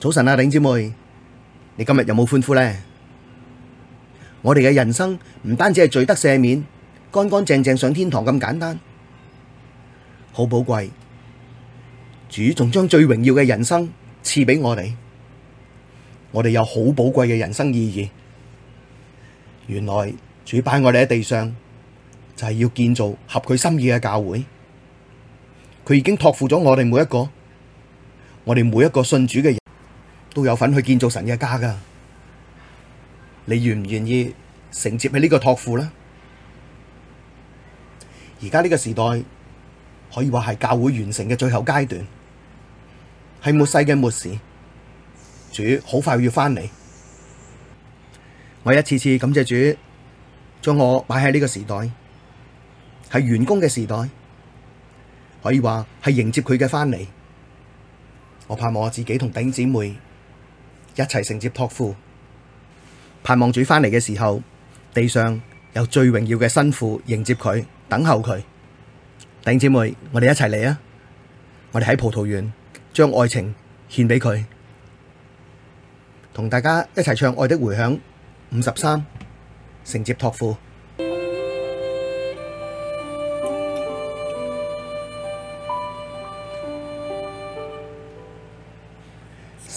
早晨啊，領姐妹，你今日有冇歡呼咧？我哋嘅人生唔單止係罪得赦免，乾乾淨淨上天堂咁簡單，好寶貴。主仲將最榮耀嘅人生賜俾我哋，我哋有好寶貴嘅人生意義。原來主擺我哋喺地上，就係要建造合佢心意嘅教會。佢已經托付咗我哋每一個，我哋每一個信主嘅人。都有份去建造神嘅家㗎，你願唔願意承接起呢個託付呢？而家呢個時代可以話係教會完成嘅最後階段，係末世嘅末時，主好快會要翻嚟。我一次次感謝主，將我擺喺呢個時代，係完工嘅時代，可以話係迎接佢嘅翻嚟。我盼望我自己同弟兄姊妹。一齊承接託付，盼望主返嚟嘅時候，地上有最榮耀嘅新婦迎接佢，等候佢。弟兄姊妹，我哋一齊嚟啊！我哋喺葡萄園將愛情獻畀佢，同大家一齊唱《愛的回響》五十三，承接託付。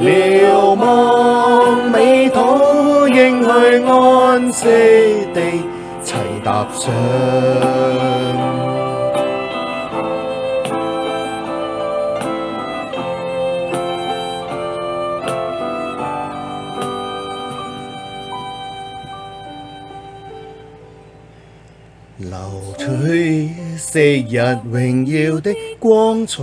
瞭望美土，應許安息地齊踏上，留取昔日榮耀的光彩。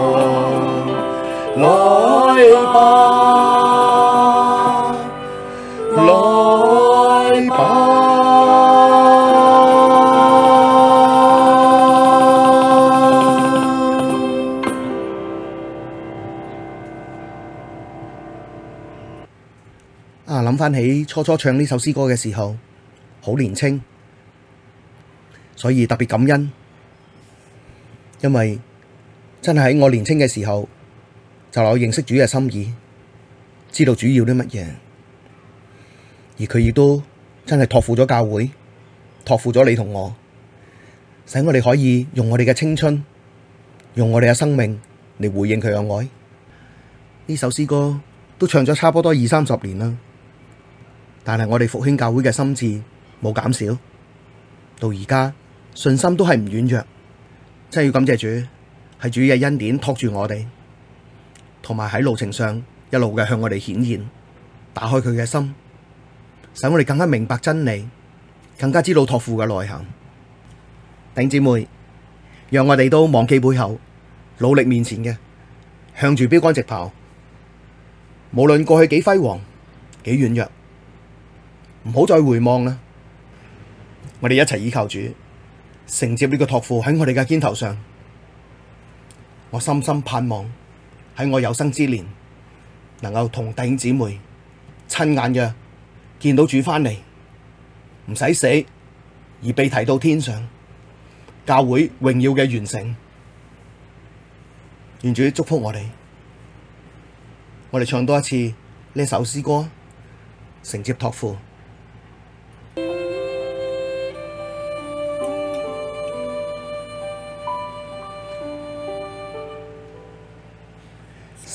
來吧，啊，諗翻起初初唱呢首詩歌嘅時候，好年青，所以特別感恩，因為真係喺我年青嘅時候。就嚟認識主嘅心意，知道主要啲乜嘢，而佢亦都真係託付咗教會，託付咗你同我，使我哋可以用我哋嘅青春，用我哋嘅生命嚟回應佢嘅愛。呢首詩歌都唱咗差唔多二三十年啦，但係我哋復興教會嘅心志冇減少，到而家信心都係唔軟弱，真係要感謝主，係主嘅恩典托住我哋。同埋喺路程上一路嘅向我哋顯現，打開佢嘅心，使我哋更加明白真理，更加知道託付嘅內涵。頂姊妹，讓我哋都忘記背後，努力面前嘅，向住標杆直跑。無論過去幾輝煌，幾軟弱，唔好再回望啦。我哋一齊依靠主，承接呢個託付喺我哋嘅肩頭上。我深深盼望。喺我有生之年，能夠同弟兄姊妹親眼嘅見到主翻嚟，唔使死而被提到天上，教會榮耀嘅完成，願主祝福我哋，我哋唱多一次呢首詩歌，承接託付。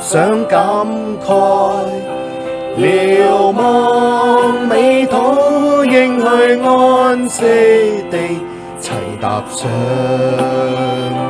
想感慨，瞭望美土，應許安息地，齊踏上。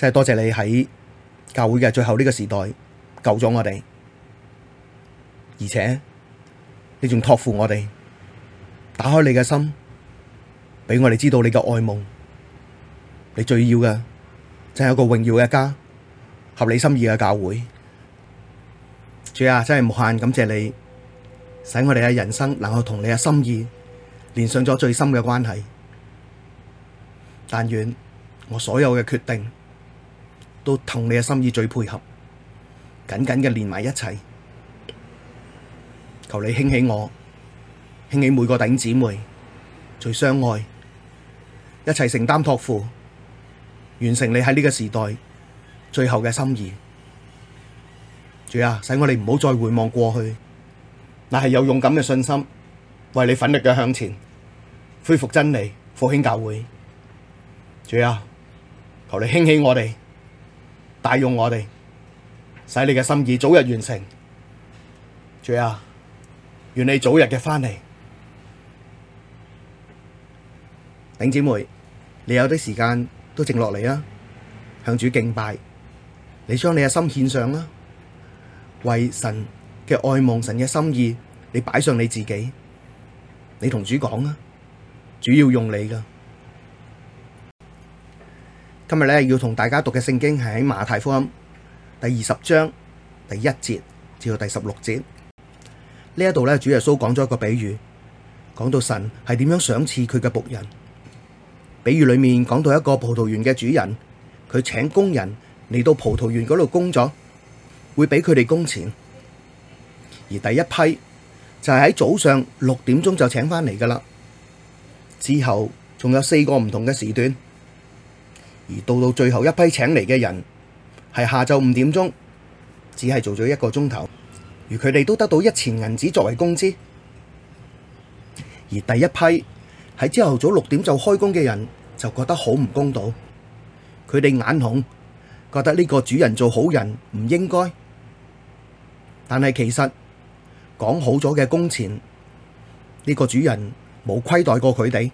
真係多謝你喺教會嘅最後呢個時代救咗我哋，而且你仲託付我哋打開你嘅心，俾我哋知道你嘅愛夢。你最要嘅，真係有個榮耀嘅家，合理心意嘅教會。主啊，真係無限感謝你，使我哋嘅人生能夠同你嘅心意連上咗最深嘅關係。但願我所有嘅決定。都同你嘅心意最配合，緊緊嘅連埋一齊，求你興起我，興起每個頂姊妹，最相愛，一齊承擔託付，完成你喺呢個時代最後嘅心意。主啊，使我哋唔好再回望過去，乃係有勇敢嘅信心，為你奮力嘅向前，恢復真理，復興教會。主啊，求你興起我哋。大用我哋，使你嘅心意早日完成。主啊，願你早日嘅翻嚟，頂姊妹，你有啲時間都靜落嚟啊。向主敬拜，你將你嘅心獻上啦，為神嘅愛望，神嘅心意，你擺上你自己，你同主講啊，主要用你噶。今日咧要同大家讀嘅聖經係喺馬太福音第二十章第一節至到第十六節呢一度咧，主耶穌講咗一個比喻，講到神係點樣賞賜佢嘅僕人。比喻裏面講到一個葡萄園嘅主人，佢請工人嚟到葡萄園嗰度工作，會俾佢哋工錢。而第一批就係喺早上六點鐘就請返嚟噶啦，之後仲有四個唔同嘅時段。而到到最後一批請嚟嘅人，係下晝五點鐘，只係做咗一個鐘頭，而佢哋都得到一錢銀紙作為工資。而第一批喺朝頭早六點就開工嘅人，就覺得好唔公道，佢哋眼紅，覺得呢個主人做好人唔應該。但係其實講好咗嘅工錢，呢個主人冇虧待過佢哋，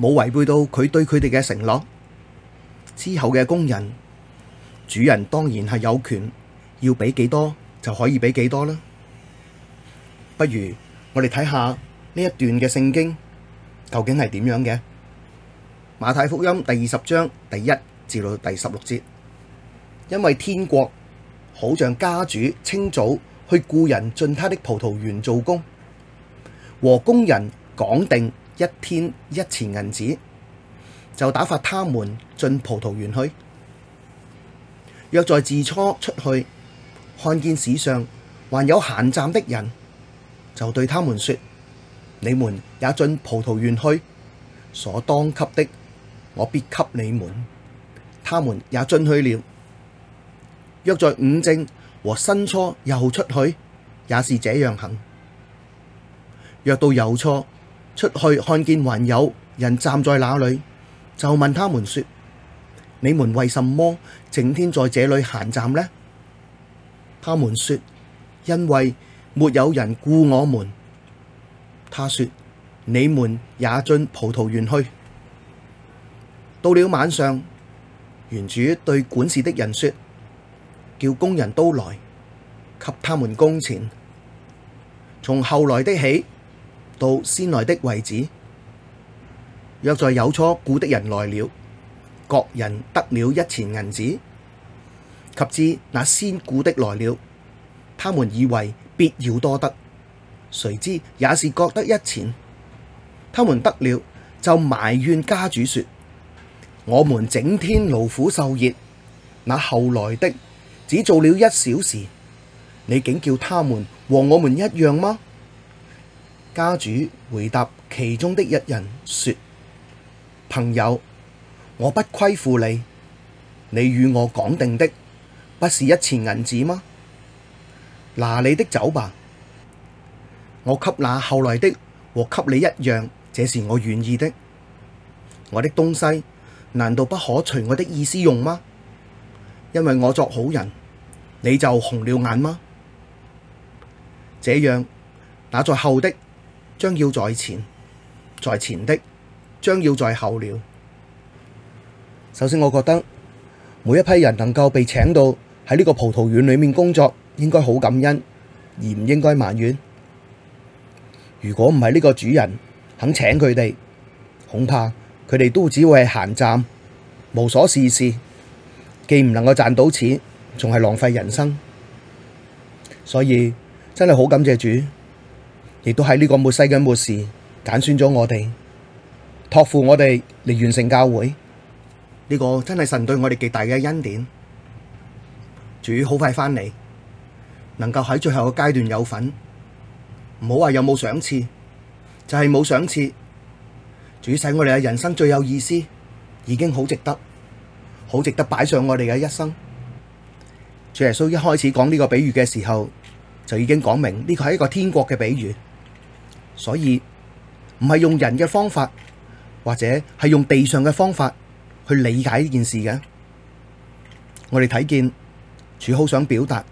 冇違背到佢對佢哋嘅承諾。之後嘅工人，主人當然係有權要俾幾多就可以俾幾多啦。不如我哋睇下呢一段嘅聖經究竟係點樣嘅？馬太福音第二十章第一至到第十六節，因為天國好像家主清早去雇人進他的葡萄園做工，和工人講定一天一錢銀子。就打發他們進葡萄園去。約在巳初出去，看見市上還有閑站的人，就對他們說：你們也進葡萄園去，所當給的，我必給你們。他們也進去了。約在午正和申初又出去，也是這樣行。約到酉初出去，看見還有人站在那裡，就問他們說：你們為什麼整天在這裏閒站呢？他們說：因為沒有人雇我們。他說：你們也進葡萄園去。到了晚上，園主對管事的人說：叫工人都來，給他們工錢，從後來的起，到先來的為止。約在酉初雇的人來了，各人得了一錢銀子；及至那先雇的來了，他們以為必要多得，誰知也是各得一錢。他們得了，就埋怨家主說：我們整天勞苦受熱，那後來的只做了一小時，你竟叫他們和我們一樣嗎？家主回答其中的一人說。朋友，我不虧負你，你與我講定的，不是一錢銀子嗎？拿你的走吧，我給那後來的和給你一樣，這是我願意的。我的東西難道不可隨我的意思用嗎？因為我作好人，你就紅了眼嗎？這樣，那在後的將要在前，在前的。將要在後了。首先，我覺得每一批人能夠被請到喺呢個葡萄園裏面工作，應該好感恩，而唔應該埋怨。如果唔係呢個主人肯請佢哋，恐怕佢哋都只會係閒站，無所事事，既唔能夠賺到錢，仲係浪費人生。所以真係好感謝主，亦都喺呢個末、末世嘅末時揀選咗我哋。託付我哋嚟完成教會，呢個真係神對我哋極大嘅恩典。主好快返嚟，能夠喺最後嘅階段有份，唔好話有冇賞賜，就係冇賞賜。主使我哋嘅人生最有意思，已經好值得，好值得擺上我哋嘅一生。主耶穌一開始講呢個比喻嘅時候，就已經講明呢個係一個天國嘅比喻，所以唔係用人嘅方法。或者係用地上嘅方法去理解呢件事嘅，我哋睇見主好想表達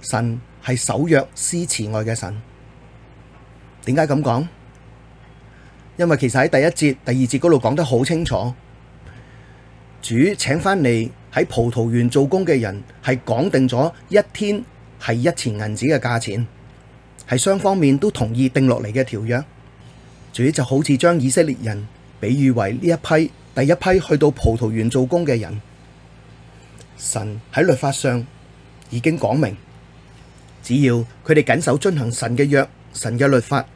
神係守約施慈愛嘅神。點解咁講？因為其實喺第一節、第二節嗰度講得好清楚，主請返嚟喺葡萄園做工嘅人係講定咗一天係一錢銀子嘅價錢，係雙方面都同意定落嚟嘅條約。主就好似將以色列人。比喻為呢一批第一批去到葡萄園做工嘅人，神喺律法上已經講明，只要佢哋謹守遵行神嘅約、神嘅律法，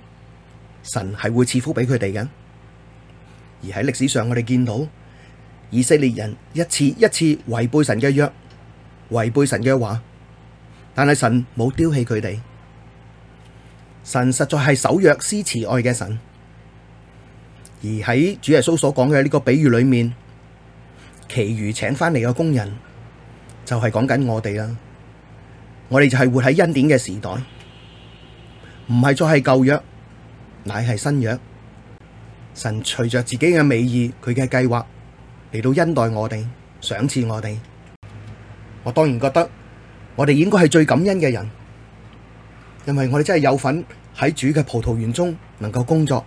神係會賜福俾佢哋嘅。而喺歷史上我，我哋見到以色列人一次一次違背神嘅約、違背神嘅話，但係神冇丟棄佢哋，神實在係守約施慈愛嘅神。而喺主耶穌所講嘅呢個比喻裏面，其餘請返嚟嘅工人就係講緊我哋啦。我哋就係活喺恩典嘅時代，唔係再係舊約，乃係新約。神隨着自己嘅美意，佢嘅計劃嚟到恩待我哋，賞賜我哋。我當然覺得我哋應該係最感恩嘅人，因為我哋真係有份喺主嘅葡萄園中能夠工作。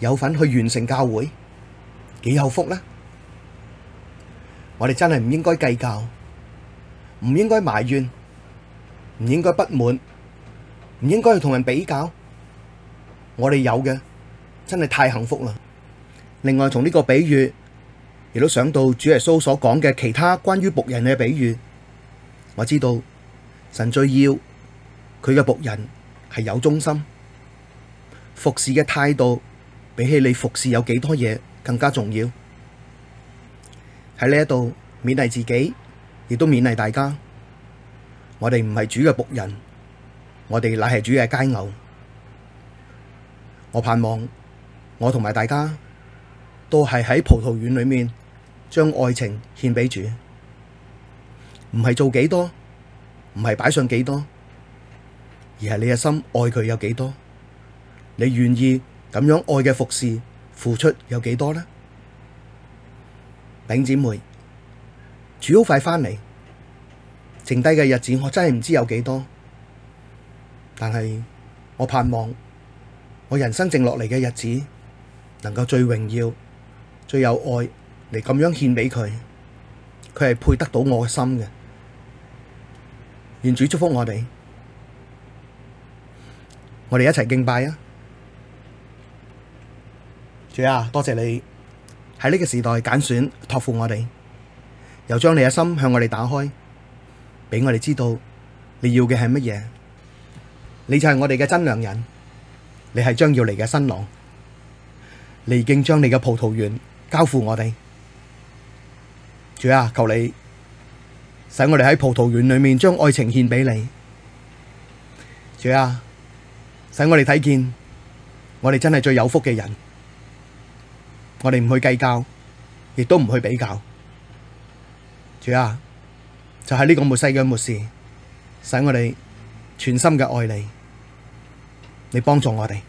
有份去完成教會，幾有福啦！我哋真係唔應該計較，唔應該埋怨，唔應該不滿，唔應該去同人比較。我哋有嘅，真係太幸福啦！另外，從呢個比喻，亦都想到主耶穌所講嘅其他關於僕人嘅比喻。我知道神最要佢嘅僕人係有忠心服侍嘅態度。比起你服侍有幾多嘢，更加重要，喺呢一度勉勵自己，亦都勉勵大家。我哋唔係主嘅僕人，我哋乃係主嘅佳偶。我盼望我同埋大家都係喺葡萄園裏面將愛情獻俾主，唔係做幾多，唔係擺上幾多，而係你嘅心愛佢有幾多，你願意。咁樣愛嘅服侍付出有幾多呢？餅姊妹，主好快返嚟，剩低嘅日子我真係唔知有幾多，但係我盼望我人生剩落嚟嘅日子能夠最榮耀、最有愛嚟咁樣獻俾佢，佢係配得到我嘅心嘅。願主祝福我哋，我哋一齊敬拜啊！主啊，多謝你喺呢個時代揀選託付我哋，又將你嘅心向我哋打開，俾我哋知道你要嘅係乜嘢。你就係我哋嘅真良人，你係將要嚟嘅新郎，你已經將你嘅葡萄園交付我哋。主啊，求你使我哋喺葡萄園裏面將愛情獻俾你。主啊，使我哋睇見我哋真係最有福嘅人。我哋唔去計較，亦都唔去比較。主啊，就喺、是、呢個末世嘅末時，使我哋全心嘅愛你，你幫助我哋。